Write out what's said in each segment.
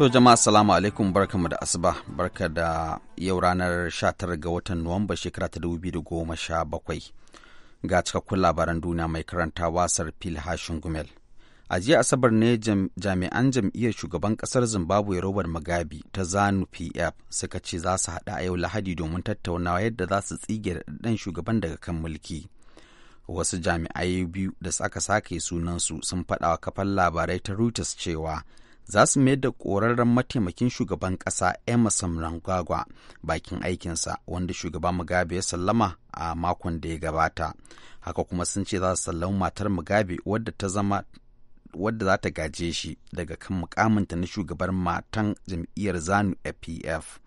To jama'a salamu alaikum barkamu da asuba barka da yau ranar 19 ga watan Nuwamba shekara ta 2017 ga cikakkun labaran duniya mai karanta wasar phil Hashin Gumel. A jiya Asabar ne jami'an jam'iyyar shugaban kasar Zimbabwe Robert Mugabe ta Zanu PF suka ce za su haɗa a yau Lahadi domin tattaunawa yadda za su tsige ɗan shugaban daga kan mulki. wasu jami'ai biyu da aka sake sunansu sun faɗawa kafan labarai ta Reuters cewa za su mayar da ƙorarren mataimakin shugaban ƙasa emerson rangagwa bakin aikinsa wanda shugaban mugabe ya sallama a makon da ya gabata haka kuma sun ce za su sallama matar mugabe wadda ta zama wadda za ta gaje shi daga kan mukaminta na shugaban matan jam'iyyar zanu fpf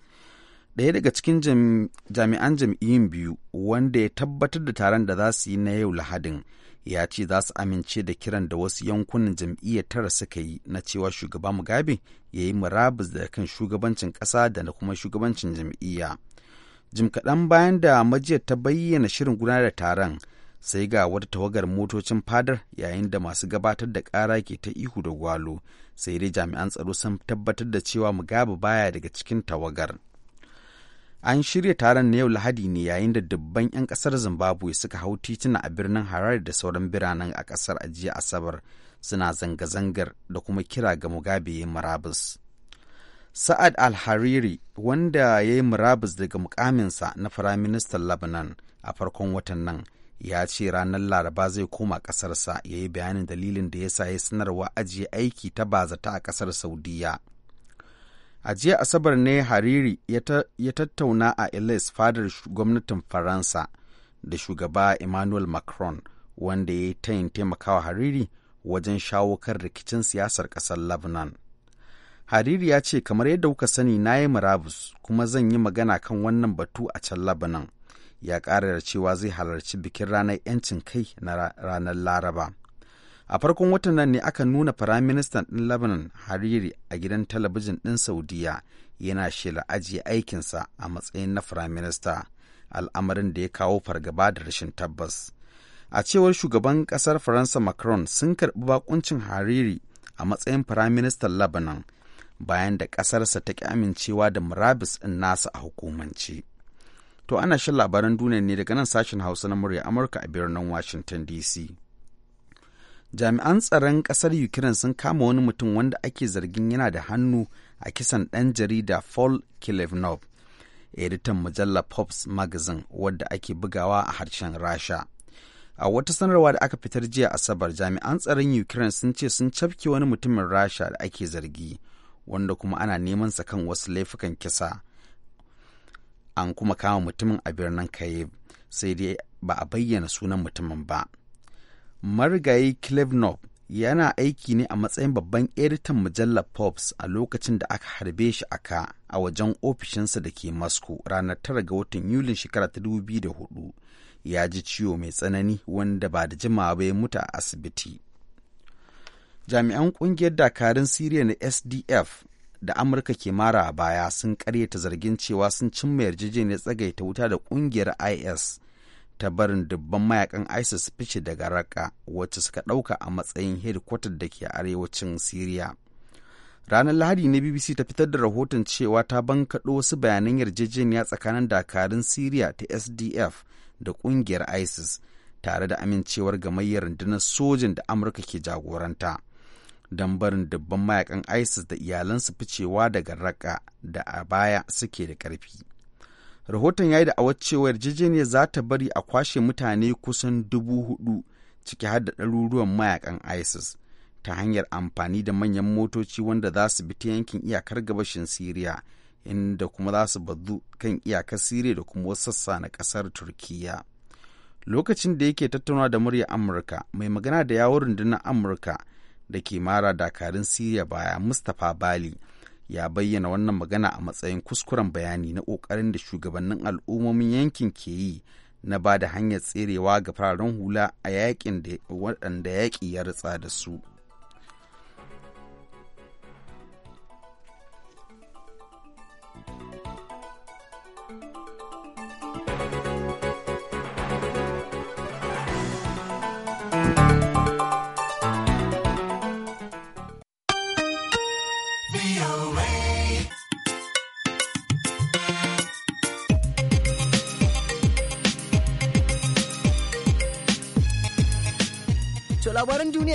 ɗaya daga cikin jami'an jam'iyyun biyu wanda ya tabbatar da taron da za su yi na yau lahadin ya ce za su amince da kiran da wasu yankunan jam'iyyar tara suka yi na cewa shugaba mugabe ya yi murabus da kan shugabancin ƙasa da na kuma shugabancin jam'iyya jim kaɗan bayan da majiyar ta bayyana shirin gudanar da taron sai ga wata tawagar motocin fadar yayin da masu gabatar da ƙara ke ta ihu da gwalo sai dai jami'an tsaro sun tabbatar da cewa mugabe baya daga cikin tawagar. An shirya taron na yau Lahadi ne yayin da dubban 'yan kasar Zimbabwe suka hau tituna a birnin Harare da sauran biranen a kasar ajiya Asabar suna zanga-zangar da kuma kira ga Mugabe murabus Sa'ad Al-Hariri wanda ya yi murabus daga mukaminsa na Firaministan Lebanon a farkon watan nan ya ce ranar Laraba zai koma kasarsa ya yi bayanin dalilin da ya sa ya sanarwa ajiye aiki ta bazata a kasar Saudiya. a jiya asabar ne hariri ya tattauna a elis fadar gwamnatin faransa da shugaba emmanuel macron wanda ya yi tayin taimakawa hariri wajen shawo kan rikicin siyasar ƙasar lebanon hariri ya ce kamar yadda kuka sani na yi murabus kuma zan yi magana kan wannan batu a can lebanon ya ƙara cewa zai halarci bikin ranar 'yancin kai na ranar laraba a farkon watan nan ne aka nuna firaministan ɗin lebanon hariri a gidan talabijin ɗin saudiya yana shela ajiye aikinsa a matsayin na firaminista al'amarin da ya kawo fargaba da rashin tabbas a cewar shugaban ƙasar faransa macron sun karɓi bakuncin hariri a matsayin firaministan lebanon bayan da ƙasarsa ta ƙi amincewa da murabis ɗin nasa a hukumance to ana shan labaran duniya ne daga nan sashen hausa na murya amurka a birnin washington dc jami'an tsaron ƙasar ukraine sun kama wani mutum wanda ake zargin yana da hannu a kisan ɗan jarida paul kilevnov editan mujallar pops magazine wadda ake bugawa a harshen rasha a wata sanarwa da aka fitar jiya asabar jami'an tsaron ukraine sun ce sun cafke wani mutumin rasha da ake zargi wanda kuma ana neman sa kan wasu laifukan kisa an kuma kama mutumin a birnin kayev sai dai ba a bayyana sunan mutumin ba marigayi Klevnov yana aiki ne a matsayin babban editan mujallar Forbes a lokacin da aka harbe shi a ka a wajen ofishinsa da ke Moscow ranar 9 ga watan Yulin shekara ta 2004. Ya ji ciwo mai tsanani wanda ba da jimawa ba ya mutu a asibiti. Jami'an kungiyar dakarun Siriya na SDF da Amurka ke mara a baya sun karyata zargin cewa sun cimma yarjejeniyar tsagaita wuta da kungiyar IS ta barin dubban mayakan isis fice daga raka wacce suka ɗauka a matsayin hedikwatar da ke arewacin siriya ranar lahadi na bbc ta fitar da rahoton cewa ta bankaɗo wasu bayanan yarjejeniya tsakanin dakarun siriya ta sdf da ƙungiyar isis tare da amincewar gamayyar rundunar sojin da amurka ke jagoranta don barin dubban mayakan isis da iyalansu ficewa daga raka da a baya suke da ƙarfi rahoton ya yi da awar cewa yarjejeniyar za ta bari a kwashe mutane kusan dubu hudu ciki har da ɗaruruwan mayakan isis ta hanyar amfani da manyan motoci wanda za su bi ta yankin iyakar gabashin siriya inda kuma za su bazu kan iyakar siriya da kuma wasu sassa na ƙasar turkiya lokacin da yake tattauna da murya amurka mai magana da yawon rundunar amurka da ke mara dakarun siriya baya mustapha bali ya bayyana wannan magana a matsayin kuskuren bayani na ƙoƙarin da shugabannin al'ummomin yankin ke yi na ba da hanyar tserewa ga fararen hula a yakin da waɗanda yaƙi ya ritsa da su.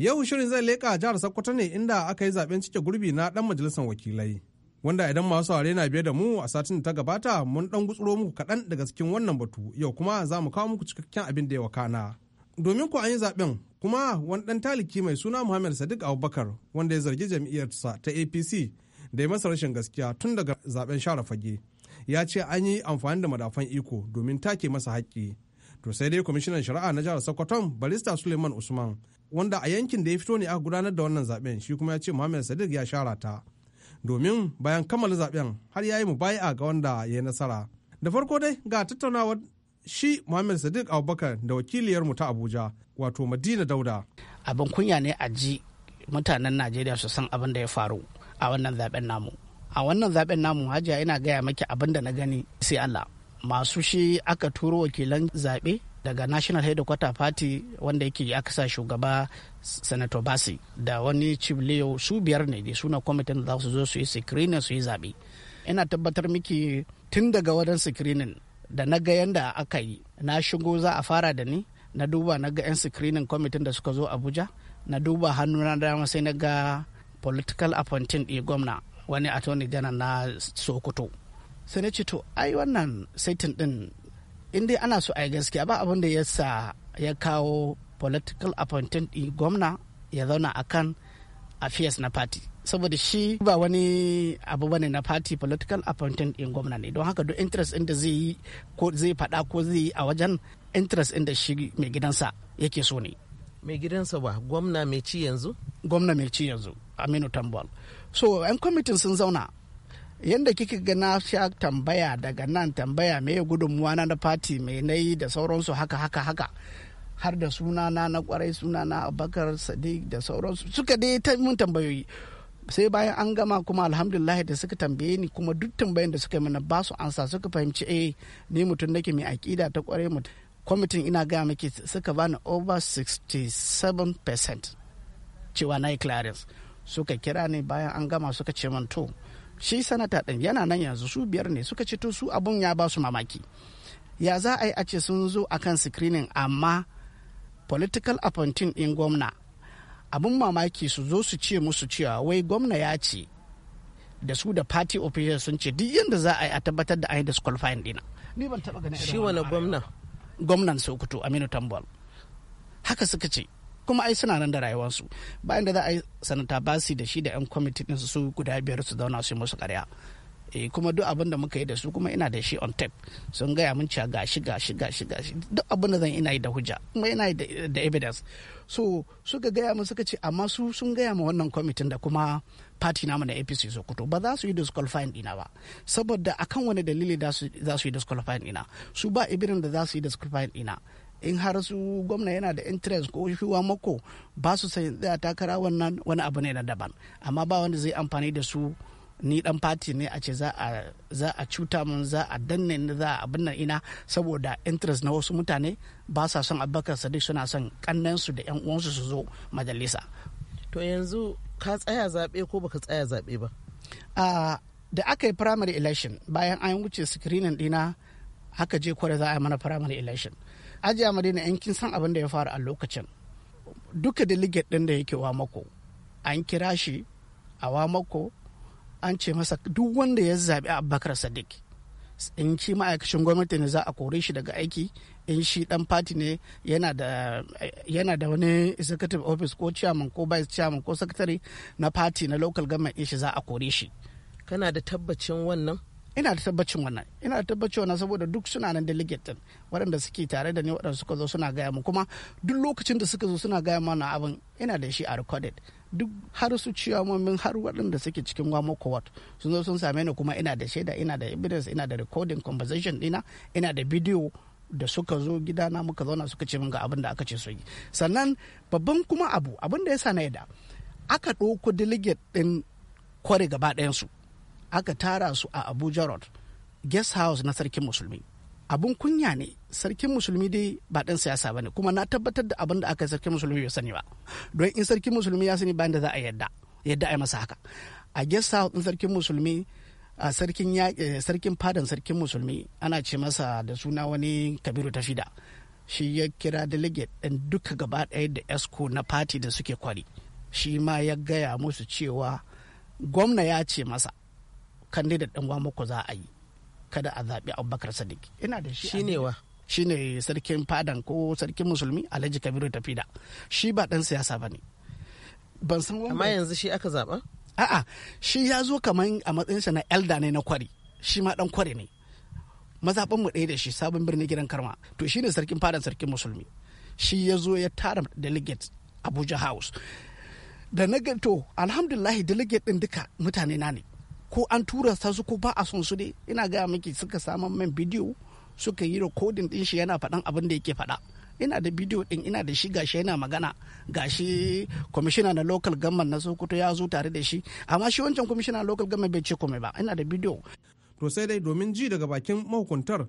Yau shirin zai leƙa jihar Sokoto ne inda aka yi zaɓen cike gurbi na ɗan majalisar wakilai. Wanda idan masu saurare na biye da mu a satin da ta gabata mun ɗan gutsuro muku kaɗan daga cikin wannan batu yau kuma za mu kawo muku cikakken abin da ya wakana. Domin ku an yi zaben kuma wani ɗan taliki mai suna Muhammad Sadiq Abubakar wanda ya zargi jam'iyyarsa ta APC da ya masa rashin gaskiya tun daga zaɓen share fage. Ya ce an yi amfani da madafan iko domin take masa haƙƙi. to sai dai kwamishinan shari'a na jihar sokoton barista suleiman usman wanda a yankin da ya fito ne aka gudanar da wannan zaben shi kuma ya ce muhammad sadiq ya shara ta domin bayan kammala zaben har ya yi mu baya ga wanda ya yi nasara da farko dai ga tattaunawar shi muhammad sadiq abubakar da wakiliyar mu ta abuja wato madina dauda abin kunya ne a ji mutanen najeriya su san abin da ya faru a wannan zaben namu a wannan zaben namu hajiya ina gaya maki abin da na gani sai allah masu shi aka turo wakilan zaɓe daga national headquarter party wanda yake aka sa shugaba senator basi da wani chief su biyar ne da suna kwamitin da za su zo su yi screening su yi zaɓe ina tabbatar miki tun daga wajen screening da na ga yanda aka yi na shigo za a fara da ni na duba na ga 'yan screening kwamitin da suka zo abuja na duba hannuna dama sai na ga political ɗin gwamna wani attorney general na sokoto sai na ce to ai wannan saitin din inda ana so a yi gaskiya ba abin da ya sa ya kawo political appointment din gwamna ya zauna a kan affairs na party saboda shi ba wani abu bane na party political appointment din gwamna ne don haka duk interest inda zai yi ko zai faɗa ko zai yi a wajen interest inda shi mai gidansa yake so ne mai gidansa ba gwamna mai ci yanzu gwamna mai ci yanzu aminu tambal so yan kwamitin sun zauna yadda kika ga na sha tambaya daga nan tambaya me gudunmuwa na na fati mai nayi da sauransu haka haka haka har da sunana na kwarai sunana abakar sadiq da sauransu suka dai ta mun tambayoyi sai bayan an gama kuma alhamdulillah da suka tambaye ni kuma duk tambayan da suka yi mana ba ansa suka fahimci eh ni mutum nake mai aƙida ta kwarai mutum kwamitin ina gaya maki suka bani over 67% cewa na yi clearance suka kira ni bayan an gama suka ce man to shi sanata ɗin yana nan yanzu su biyar ne suka ce to su abun ya ba su mamaki ya za a yi a ce sun zo a kan screening amma political appointing ɗin gwamna abun mamaki su zo su ce musu cewa wai gwamna ya ce da su da party officials sun ce duk yadda za a yi a tabbatar da an disqualifying dina ni ban taba ganin shi wani gwamna gwamnan sokoto aminu tambal haka suka ce kuma ai suna nan da rayuwarsu bayan da za a yi sanata su da shi da yan kwamitin ɗinsu su guda biyar su zauna su yi musu karya e kuma duk abin da muka yi da su kuma ina da shi on tape sun gaya mun cewa gashi gashi gashi gashi duk abin da zan ina yi da hujja kuma ina yi da evidence so suka gaya mun suka ce amma su sun gaya ma wannan kwamitin da kuma party namu na APC Sokoto ba za su yi disqualifying dina ba saboda akan wani dalili za su yi disqualifying dina su ba ibirin da za su yi disqualifying ina. in har su gwamna yana da interest ko shuwa mako ba su sai da takara wannan wani abu ne na daban amma ba wanda zai amfani da su ni dan fati ne a ce za a cuta mun za a danne ni za a abin nan ina saboda interest na wasu mutane ba sa son abubakar sadiq suna son su da yan uwansu su zo majalisa to yanzu ka tsaya zaɓe ko baka tsaya zaɓe ba ah, da aka yi primary election bayan an wuce screening dina haka je kware za a yi mana primary election ajiya madina in kin san abin da ya faru a lokacin duka delegate din da yake wa mako an kira shi a wa mako an ce masa duk wanda ya zaɓi abubakar sadiq in shi ma'aikacin gwamnati ne za a kore shi daga aiki in shi dan fati ne yana da wani executive office ko chairman ko vice chairman ko secretary na fati na local government shi za a kore shi kana da tabbacin wannan ina da tabbacin wannan ina da tabbacin wannan saboda duk suna nan delegate din waɗanda suke tare da ni waɗanda suka zo suna gaya mu kuma duk lokacin da suka zo suna gaya mana abin ina da shi a recorded duk har su ciyamomin har waɗanda suke cikin gwamo kowat sun zo sun same ni kuma ina da shaida ina da evidence ina da recording conversation dina ina da bidiyo da suka zo gidana muka zauna suka ce min ga abin da aka ce su yi sannan babban kuma abu abin da ya sa na yadda aka ɗauko delegate ɗin kware gaba ɗayansu su aka tara su a abuja road guest house na sarkin musulmi abun kunya ne sarkin musulmi dai ba ɗan siyasa ba ne kuma na tabbatar da abin da aka yi sarkin musulmi ya sani ba don in sarkin musulmi ya sani bayan da za a yadda yadda a yi masa haka a guest house ɗin sarkin musulmi a sarkin eh, sarkin fadan sarkin musulmi ana ce masa da suna wani kabiru ta shida shi ya kira delegate ɗin duka gaba ɗaya da esco na fati da suke kwari shi ma ya gaya musu cewa gwamna ya ce masa candidate ɗin wamako za a yi kada a zaɓi abubakar sadiq ina da shi ne wa shi ne sarkin fadan ko sarkin musulmi alhaji kabiru tafida shi ba ɗan siyasa ba ne ban san wani amma yanzu shi aka zaɓa a'a shi ya zo kaman a matsayinsa na elda ne na kwari shi ma ɗan kwari ne mazaɓin mu ɗaya da shi sabon birnin gidan karma to shi ne sarkin fadan sarkin musulmi shi ya zo ya tara delegate abuja house da na to alhamdulahi delegate ɗin duka mutane na ne ko an tura ta su ko ba a son su dai ina gaya miki suka samu man bidiyo suka yi rikodin din shi yana faɗan abin da yake faɗa ina da bidiyo din ina da shi gashi yana magana gashi commissioner na local government na sokoto ya zo tare da shi amma shi wancan kwamishina local government bai ce komai ba ina da bidiyo to sai dai domin ji daga bakin mahukuntar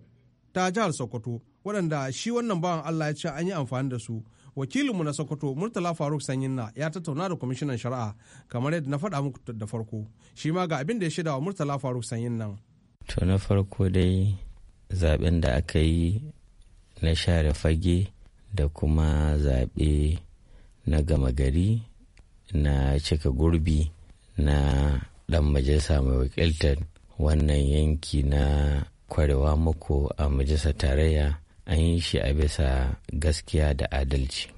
ta jihar sokoto waɗanda shi wannan bawan allah ya ce an yi amfani da su wakilinmu na sokoto murtala faruk sanyinna ya tattauna da kwamishinan shari'a kamar yadda na faɗa muku da farko shi ma ga abin da ya shida wa murtala faruk sanyinna. to na farko dai zaben da aka yi na share fage da kuma zaɓe na gama gari na cika gurbi na ɗan majalisa mai wakiltar wannan yanki na kwarewa muku a majalisar tarayya an yi shi a bisa gaskiya da adalci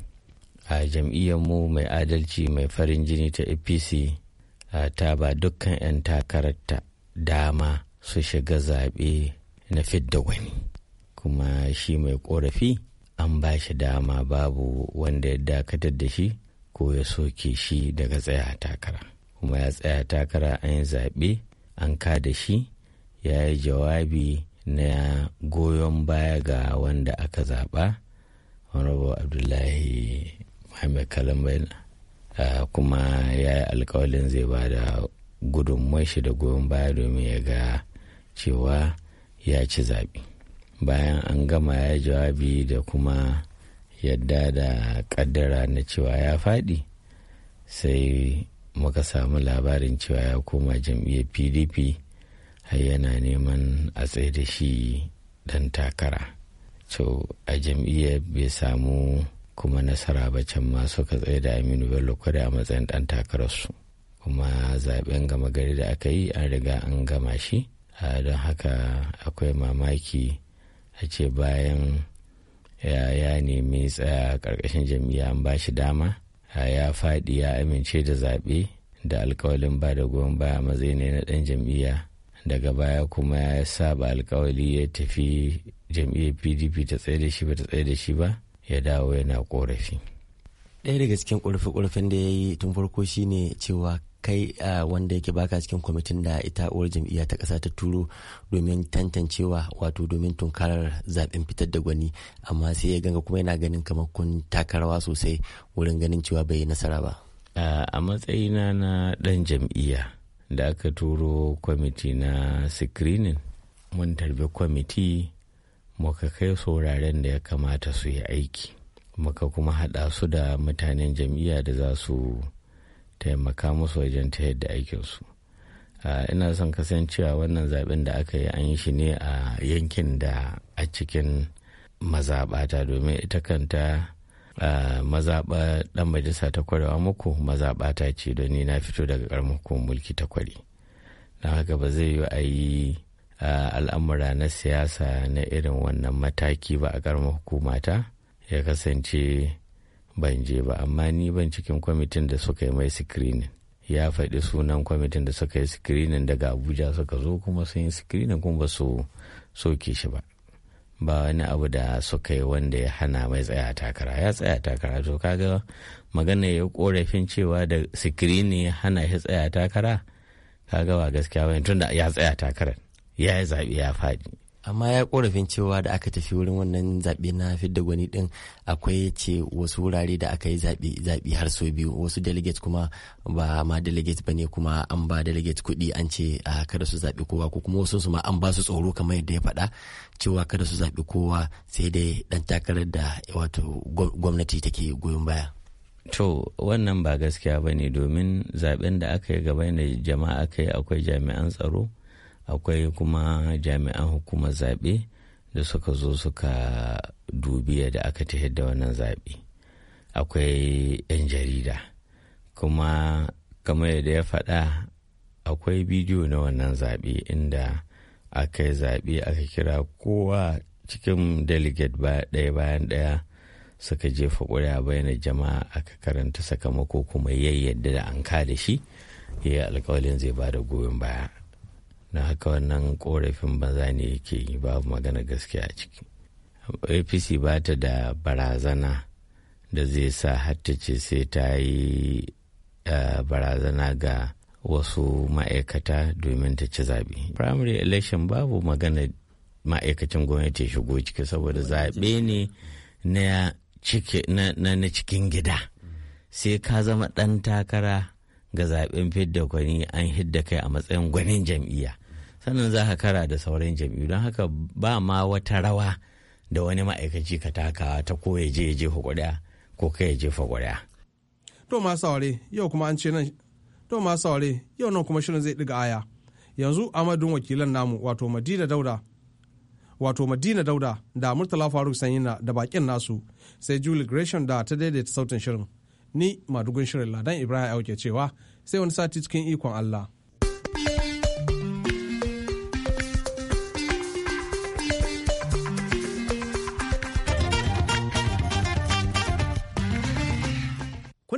a jam'iyyar mu mai adalci mai farin jini ta apc ta ba dukkan 'yan takararta dama su shiga zaɓe na fidda wani kuma shi mai ƙorafi an ba shi dama babu wanda ya dakatar da shi ko ya soke shi daga tsaya takara kuma ya tsaya takara an yi zaɓe an ka da shi ya yi jawabi na goyon baya ga wanda aka zaɓa honorable abdullahi muhammad kalambal kuma ya yi alkawalin zai ba da gudunmuwar shi da goyon baya domin ya ga cewa ya ci zaɓe bayan an gama ya jawabi da kuma yadda da kaddara na cewa ya faɗi sai muka samu labarin cewa ya koma jam'iyyar pdp yana neman a tsaye da shi ɗan takara to a jam'iyyar bai samu kuma nasara ba can ma suka tsaye da aminu bello kwada a matsayin dan takararsu kuma zaben gama gari da aka yi an riga an gama shi don haka akwai mamaki a ce bayan ya nemi tsaya karkashin jam'iyya an ba shi dama ya faɗi ya amince da zaɓe da alkawalin ba da goyon baya matsayi ne na ɗan jam'iyya daga baya kuma ya sa ba alkawali ya tafi jam'iyyar pdp ta tsaye da shi ba ta tsaye da shi ba ya dawo yana korafi ɗaya daga cikin ƙorafe-ƙorafen da ya yi tun farko shine cewa kai wanda yake baka cikin kwamitin da ita uwar jam'iyya ta ƙasa ta turo domin tantancewa wato domin tunkarar zaɓen fitar da gwani amma sai ya ganga kuma yana ganin kamar kun takarawa sosai wurin ganin cewa bai yi nasara ba a matsayina na ɗan jam'iyya da aka turo kwamiti na screening mun tarbi kwamiti muka kai sauraren da ya kamata su yi aiki muka kuma haɗa su da mutanen jam'iyya da za su taimaka musu wajen ta yadda aikinsu ina son kasancewa wannan zaben da aka yi an yi shi ne a yankin da a cikin mazaɓata domin ita kanta mazaɓa ɗan majalisa ta kwarewa muku mazaɓa ta ce don ni na fito daga ƙaramin hukumar mulki ta kware don haka ba zai yi a yi al'amura na siyasa na irin wannan mataki ba a ƙaramin hukumata ya kasance ban je ba amma ni ban cikin kwamitin da suka yi mai sikirinin ya faɗi sunan kwamitin da suka yi sikirinin daga abuja suka zo kuma sun yi sikirinin kuma ba su soke shi ba ba wani abu da suka yi wanda ya hana mai tsaya takara ya tsaya takara to kaga magana ya korafin cewa da sikirini ya hana shi tsaya takara kaga ba gaskiya bane tunda ya tsaya takarar ya yi zaɓe ya faɗi amma ya korafin cewa da aka tafi wurin wannan zaɓe na fidda gwani ɗin akwai ce wasu wurare da aka yi zaɓe har so biyu wasu delegate kuma ba ma delegate ba ne kuma an ba delegate kuɗi an ce a kada su zaɓe kowa ko kuma wasu su ma an ba su tsoro kamar yadda ya faɗa cewa kada su zaɓe kowa sai dai ɗan takarar da wato gwamnati take goyon baya. To wannan ba gaskiya ba ne domin zaɓen da aka yi gaba da jama'a aka yi akwai jami'an tsaro. akwai kuma jami'an hukumar zaɓe da suka zo suka dubi da aka ta da wannan zaɓe akwai 'yan jarida kuma kamar yadda ya faɗa akwai bidiyo na wannan zaɓe inda aka yi zaɓe aka kira kowa cikin delegate ɗaya bayan ɗaya suka jefa ƙuri'a bayanan jama'a aka karanta sakamako kuma yayyadda da an da shi ya yi alkawalin zai ba da goyon baya na haka wannan korafin banza ne yake yi babu magana gaskiya a ciki apc ba ta da barazana da zai sa hatta ce sai ta yi barazana ga wasu ma'aikata domin ta ci zaɓe primary election babu magana ma'aikacin gwamnati shigo ciki saboda zaɓe ne na cikin gida sai ka zama ɗan takara ga zaɓen fidda kwani an hidda kai a matsayin gwanin jam'iyya sannan za ka kara da sauran jami'u don haka ba ma wata rawa da wani ma'aikaci ka taka ta ko ya je ya jefa kwaɗaya ko kai ya jefa kwaɗaya. To ma yau kuma an ce nan to ma yau nan kuma shirin zai ɗiga aya yanzu amadun wakilan namu wato Madina Dauda wato Madina Dauda da Murtala Faruk Sanyina da bakin nasu sai Julie Gresham da ta daidaita sautin shirin. Ni madugun shirin Ladan Ibrahim Auke cewa sai wani sati cikin ikon Allah.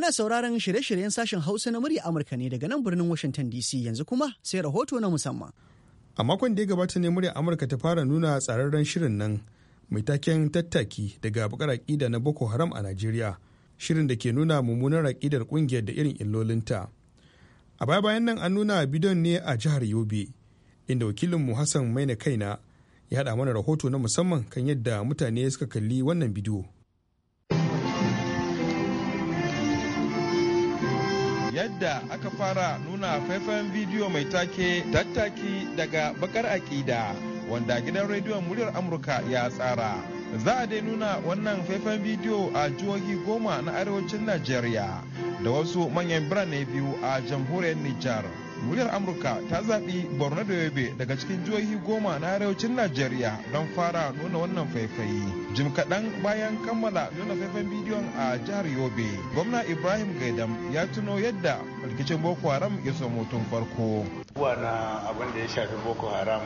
Kuna sauraron shirye-shiryen sashen Hausa na murya Amurka ne daga nan birnin Washington DC yanzu kuma sai rahoto na musamman. A makon da ya gabata ne murya Amurka ta fara nuna tsararren shirin nan mai taken tattaki daga bakar aƙida na Boko Haram a Najeriya. Shirin da ke nuna mummunar aƙidar ƙungiyar da irin illolinta. A baya bayan nan an nuna bidon ne a jihar Yobe inda wakilinmu Hassan Maina Kaina ya haɗa mana rahoto na musamman kan yadda mutane suka kalli wannan bidiyo. yadda aka fara nuna faifan bidiyo mai take tattaki daga bakar aƙida wanda gidan rediyon muryar amurka ya tsara za a dai nuna wannan faifan bidiyo a jihohi goma na arewacin najeriya da wasu manyan birane biyu a jamhuriyar nijar muryar amurka ta zaɓi borno da yobe daga cikin jihohi goma na arewacin najeriya don fara nuna wannan faifai. jim kaɗan bayan kammala nuna faifan bidiyon a jihar yobe gwamna ibrahim gaidam ya tuno yadda rikicin boko haram ya samu tun farko na abin da ya shafi boko haram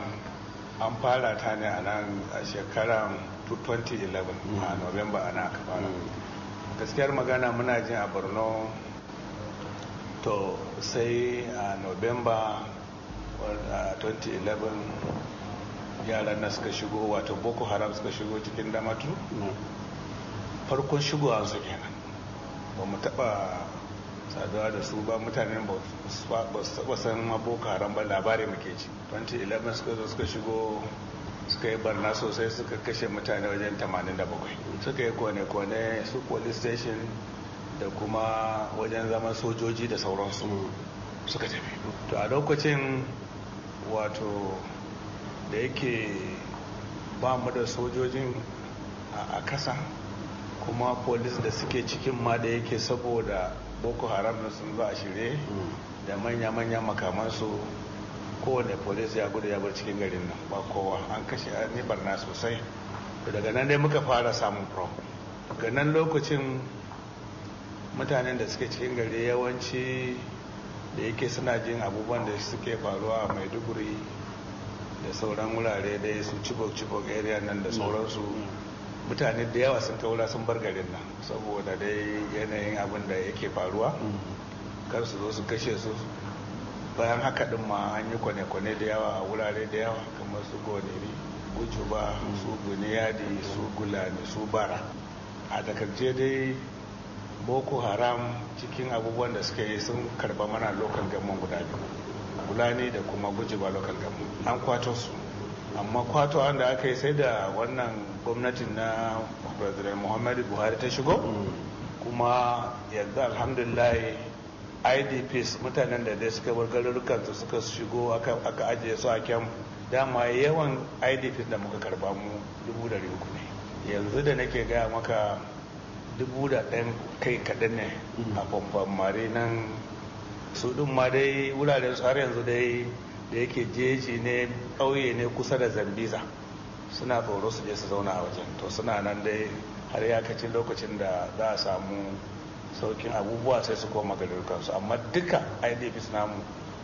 an fara ta ne a nan a shekarar 2011 a november ana aka fara mm. gaskiyar magana muna jin a borno to sai a november 2011 yaran na suka shigo wato boko haram suka shigo cikin damatu farkon shigowa su kenan ba mu taba saduwa da su ba mutanen ba su taba san boko haram ba labari muke ci 2011 suka zo suka shigo suka yi barna sosai suka kashe mutane wajen 87 suka yi kone-kone su police station da kuma wajen zaman sojoji da sauransu suka tafi to a lokacin wato da yake ba mu da sojojin a kasa kuma polis da suke cikin ma da yake saboda boko haram da sun zo a shirye da manya-manya makamansu kowane polis ya gudu ya bar cikin garin nan ba kowa an kashe an nibar na sosai daga nan dai muka fara samun problem daga nan lokacin mutanen da suke cikin gari yawanci da yake suna jin abubuwan da suke faruwa a maiduguri da sauran wurare dai su cibok cibok area nan da sauransu mutane da yawa sun taura sun bar garin nan saboda dai yanayin abin da yake faruwa kar su zo su kashe su bayan haka din ma an yi kwane-kwane da yawa a wurare da yawa kamar su goniri gujuba su buniyadi su gulani su bara a takarce dai boko haram cikin abubuwan da suka yi sun karba mana lokal gamon guda biyu gulani da kuma gujewa lokal gamon an kwato su amma kwato da aka yi sai da wannan gwamnatin na president muhammadu buhari ta shigo kuma yanzu alhamdulillah idps mutanen da dai suka bar su suka shigo aka ajiye su a kyan dama yawan idps da muka karba mu 300 ne yanzu da nake gaya maka dubu da ɗan kai kaɗan ne a kwamfan mare nan su ɗin ma dai wuraren su har yanzu dai da yake jeji ne ƙauye ne kusa da zambiza suna tsoro su je su zauna a wajen to suna nan dai har yakacin lokacin da za a samu saukin abubuwa sai su koma garurukansu amma duka idps namu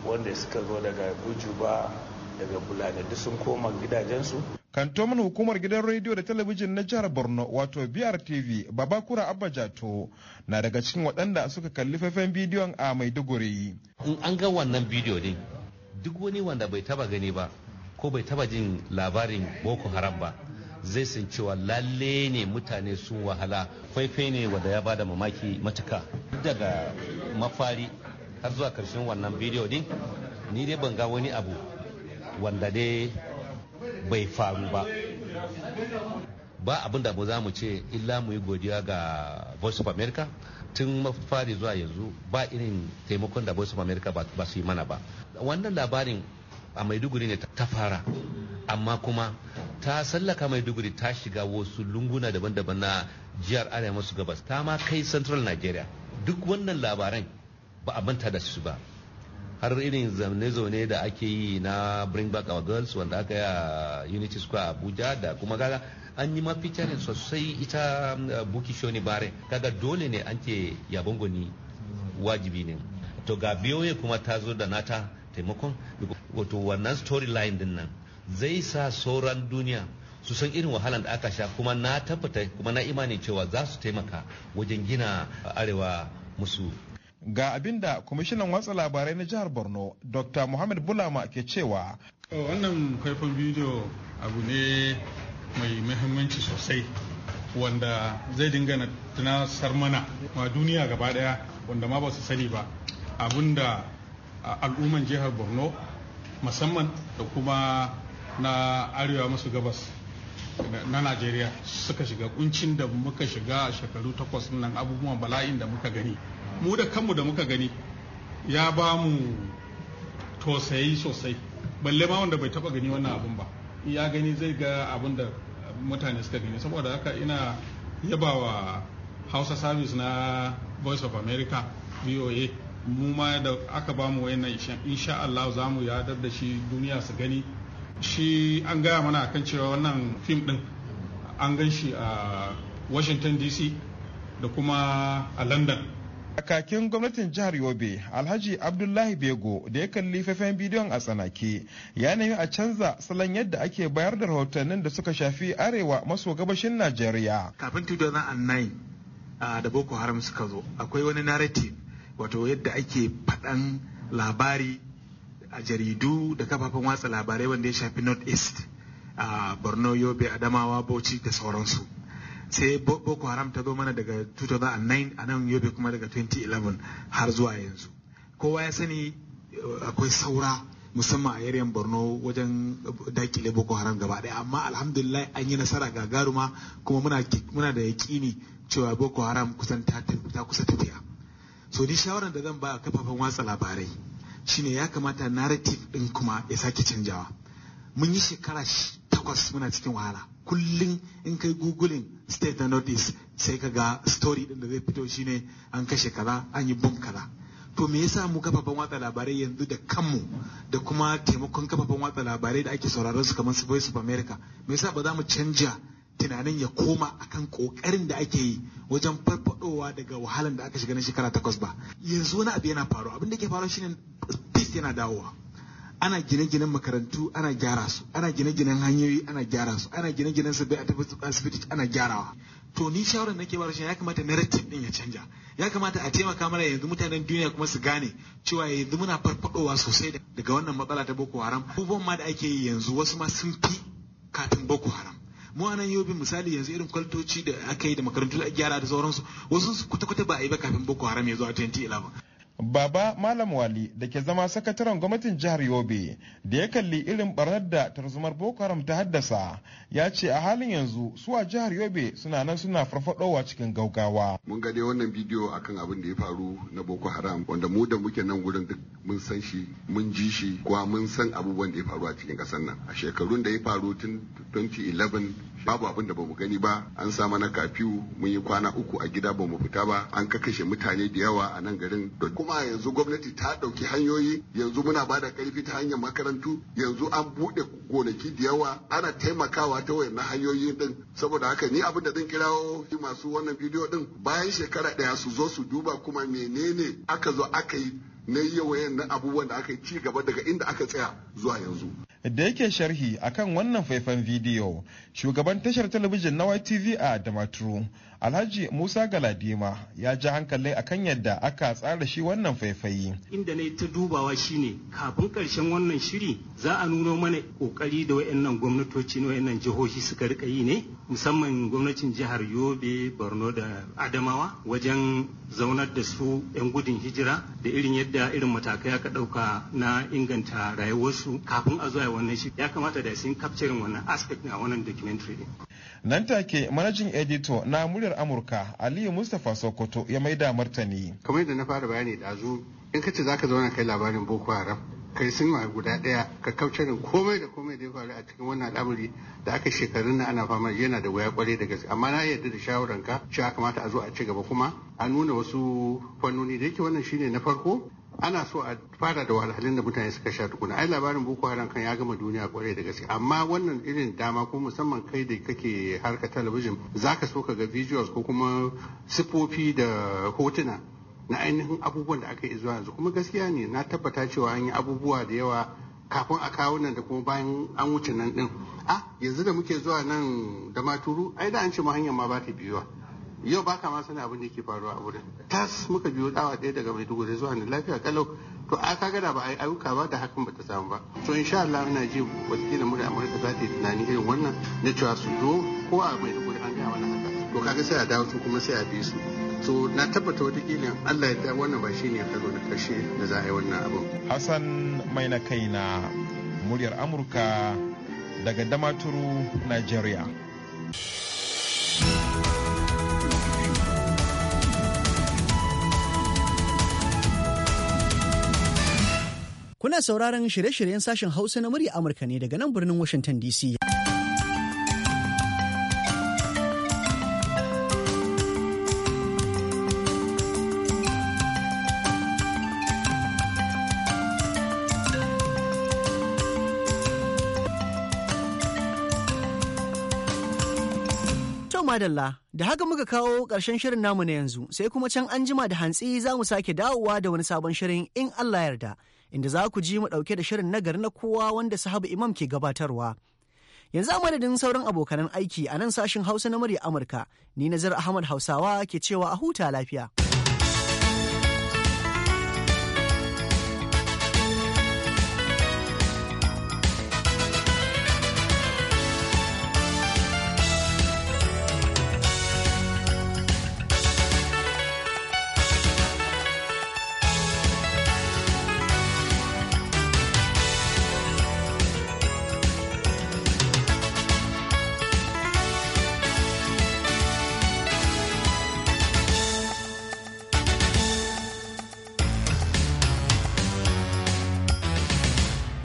wanda suka zo daga gujuba daga bulane duk sun koma gidajensu kanto kantomin hukumar gidan rediyo da talabijin na jihar borno wato brtv babakura to na daga cikin waɗanda suka kalli faifan bidiyon a maiduguri in an ga wannan bidiyo din duk wani wanda bai taba gani ba ko bai taba jin labarin boko haram ba zai san cewa lalle ne mutane sun wahala faifai ne wanda ya bada mamaki matuka daga mafari har zuwa karshen wannan bidiyo din ni dai ban ga wani abu wanda dai bai faru ba ba abin da za mu ce illa mu yi godiya ga voice of america tun mafari zuwa yanzu ba irin taimakon da voice of america ba su yi mana ba wannan labarin a maiduguri ne ta fara amma kuma ta sallaka maiduguri ta shiga wasu lunguna daban-daban na jihar arewa masu gabas ta ma kai central nigeria duk wannan labaran ba a manta da su ba har irin zaune-zaune da ake yi na bring back our girls wanda aka yi a unity square abuja da kuma gaga an yi mafitarin sosai ita um, buki shoni bare kaga dole ne an ke yabon goni wajibi ne to ga biyoye kuma ta zo da nata taimakon wato wannan storyline din nan zai sa sauran duniya su san irin wahalar da aka sha kuma na tabbata kuma na imani cewa za su taimaka wajen gina arewa musu ga abinda da kwamishinan watsa labarai na jihar borno dr muhammad bulama ke cewa wannan faifan bidiyo abu ne mai muhimmanci sosai wanda zai dinga tunasar mana ma duniya gaba daya wanda ma ba su sani ba abinda al'umman jihar borno musamman da kuma na arewa masu gabas na najeriya suka shiga kuncin da muka shiga a shekaru takwas nan abubuwan bala'in da muka gani mu da kanmu da muka gani ya ba mu tosayi sosai balle ma wanda bai taba gani wannan abun ba ya gani zai ga abun da mutane suka gani saboda haka ina yabawa hausa service na voice of america voa mu ma da aka ba mu wayannan insha Allah za mu yadar da shi duniya su gani shi an gaya mana kan cewa wannan fim din an gan shi a washington dc da kuma a london Kakin gwamnatin jihar Yobe, Alhaji Abdullahi Bego da ya kalli faifan bidiyon a tsanake, ya nemi a canza salon yadda ake bayar da rahotannin da suka shafi arewa maso gabashin Najeriya. Kafin 2009 ah, da Boko Haram suka zo, akwai wani narrative wato yadda ake faɗan labari a jaridu da kafafen watsa labarai wanda ya shafi North East, a ah, Borno, Yobe, Adamawa, Bauchi da sauransu. sai boko haram ta zo mana daga 2009 a nan yobe kuma daga 2011 har zuwa yanzu kowa ya sani eh, akwai saura musamman a yaren borno wajen eh, dakile boko haram gaba daya amma alhamdulillah an yi nasara gagaruma kuma muna da yakini cewa boko haram kusan ta kusa tafiya so ni shawaran da zan ba kafafen watsa labarai shine ya kamata narrative din kuma ya sake canjawa mun yi shekara takwas muna cikin wahala kullum in kai googling state na notice sai ka ga story din da zai fito shine an kashe kaza an yi bom kaza to me yasa mu kafafen watsa labarai yanzu da kanmu da kuma taimakon kafafen watsa labarai da ake sauraron su kamar su voice of america me yasa ba za mu canja tunanin ya koma akan kokarin da ake yi wajen farfadowa daga wahalan da aka shiga na shekara takwas ba yanzu wani abu yana faruwa abin da ke faruwa shine peace yana dawowa ana gine-ginen makarantu ana gyara su ana gine-ginen hanyoyi ana gyara su ana gine-ginen bai a asibiti ana gyarawa to ni shawarar nake ba shi ya kamata narrative din ya canja ya kamata a taimaka mana yanzu mutanen duniya kuma su gane cewa yanzu muna farfadowa sosai daga wannan matsala ta boko haram abubuwan ma da ake yi yanzu wasu ma sun fi katin boko haram mu anan nan yobi misali yanzu irin kwaltoci da aka yi da makarantu da gyara da sauransu wasu kwata-kwata ba a yi ba kafin boko haram ya zo a 2011 Baba Malam Wali da ke zama sakataren gwamnatin jihar Yobe da ya kalli irin barnar da tarzumar Boko Haram ta haddasa ya ce a halin yanzu su a jihar Yobe suna nan suna farfadowa cikin gaugawa. Mun ga dai wannan bidiyo akan abin da ya faru na Boko Haram wanda mu da muke nan gurin duk mun san shi mun ji shi kuma mun san abubuwan da ya faru a cikin kasar nan. A shekarun da ya faru tun 2011 babu abin da bamu gani ba an sa mana kafiyu mun yi kwana uku a gida bamu fita ba an kakashe mutane da yawa a nan garin da kuma yanzu gwamnati ta dauki hanyoyi yanzu muna ba da karfi ta hanyar makarantu yanzu an bude gonaki da yawa ana taimakawa ta wayannan hanyoyi din saboda haka ni abin da zan kirawo masu wannan bidiyo din bayan shekara daya su zo su duba kuma menene aka zo aka yi na yi yawayen na abubuwan da aka yi ci gaba daga inda aka tsaya zuwa yanzu. Da yake sharhi akan wannan faifan bidiyo, shugaban tashar talabijin na YTV a Damaturu, Alhaji Musa Galadima ya ji hankali akan yadda aka tsara shi wannan faifayi. Inda na ta dubawa shine kafin karshen wannan shiri za a nuno mana kokari da wayannan gwamnatoci na wayannan jihohi suka rika yi ne musamman gwamnatin jihar Yobe, Borno da Adamawa wajen zaunar da su 'yan gudun hijira da irin yadda irin matakai aka ɗauka na inganta rayuwarsu kafin a zuwa wannan shi ya kamata da sun capturing wannan aspect na wannan documentary nan take manajin edito na muryar amurka aliyu mustapha sokoto ya mai maida martani kamar yadda na fara bayani da zu in ka ce zaka zauna kai labarin boko haram kai sun ma guda daya ka kaucarin komai da komai da ya faru a cikin wannan al'amari da aka shekarun na ana fama yana da waya kwarai da gaske amma na yarda da shawaran ka cewa kamata a zo a ci gaba kuma a nuna wasu fannoni da yake wannan shine na farko ana so a fara da wahalhalun da mutane suka sha tukuna ai labarin boko haram kan ya gama duniya kwarai da gaske amma wannan irin dama ko musamman kai da kake harka talabijin za ka so ka ga visuals ko kuma sifofi da hotuna na ainihin abubuwan da aka yi zuwa yanzu kuma gaskiya ne na tabbata cewa an yi abubuwa da yawa kafin a kawo nan da kuma bayan an wuce nan din a ah, yanzu da muke zuwa nan da maturu ai da an ce mu hanyar ma ba ta biyuwa yau ba ka ma sani abin da ke faruwa a wurin tas muka biyo tsawa ɗaya daga mai maiduguri zuwa ne lafiya kalau to a ka gada ba a yi ayyuka ba da hakan ba ta samu ba to sha Allah ina ji wakilin mu da Amurka za ta yi tunani irin wannan na cewa su zo ko a maiduguri an gaya wannan haka to kaga sai a dawo su kuma sai a bi su to na tabbata watakila Allah ya da wannan ba shine karo na karshe da za a yi wannan abin Hassan mai na kai na muryar Amurka daga Damaturu Nigeria Kuna sauraron shirye-shiryen sashen Hausa na murya Amurka ne daga nan birnin Washington DC. madalla da haka muka kawo ƙarshen shirin namu na yanzu sai kuma can anjima da hantsi za mu sake dawowa da wani sabon shirin in Allah yarda. inda za ku ji mu ɗauke da shirin nagari na kowa wanda sahabu imam ke gabatarwa. Yanzu a madadin sauran abokanan aiki a nan sashin Hausa na murya Amurka, ni Nazar Ahmad Hausawa ke cewa a huta lafiya.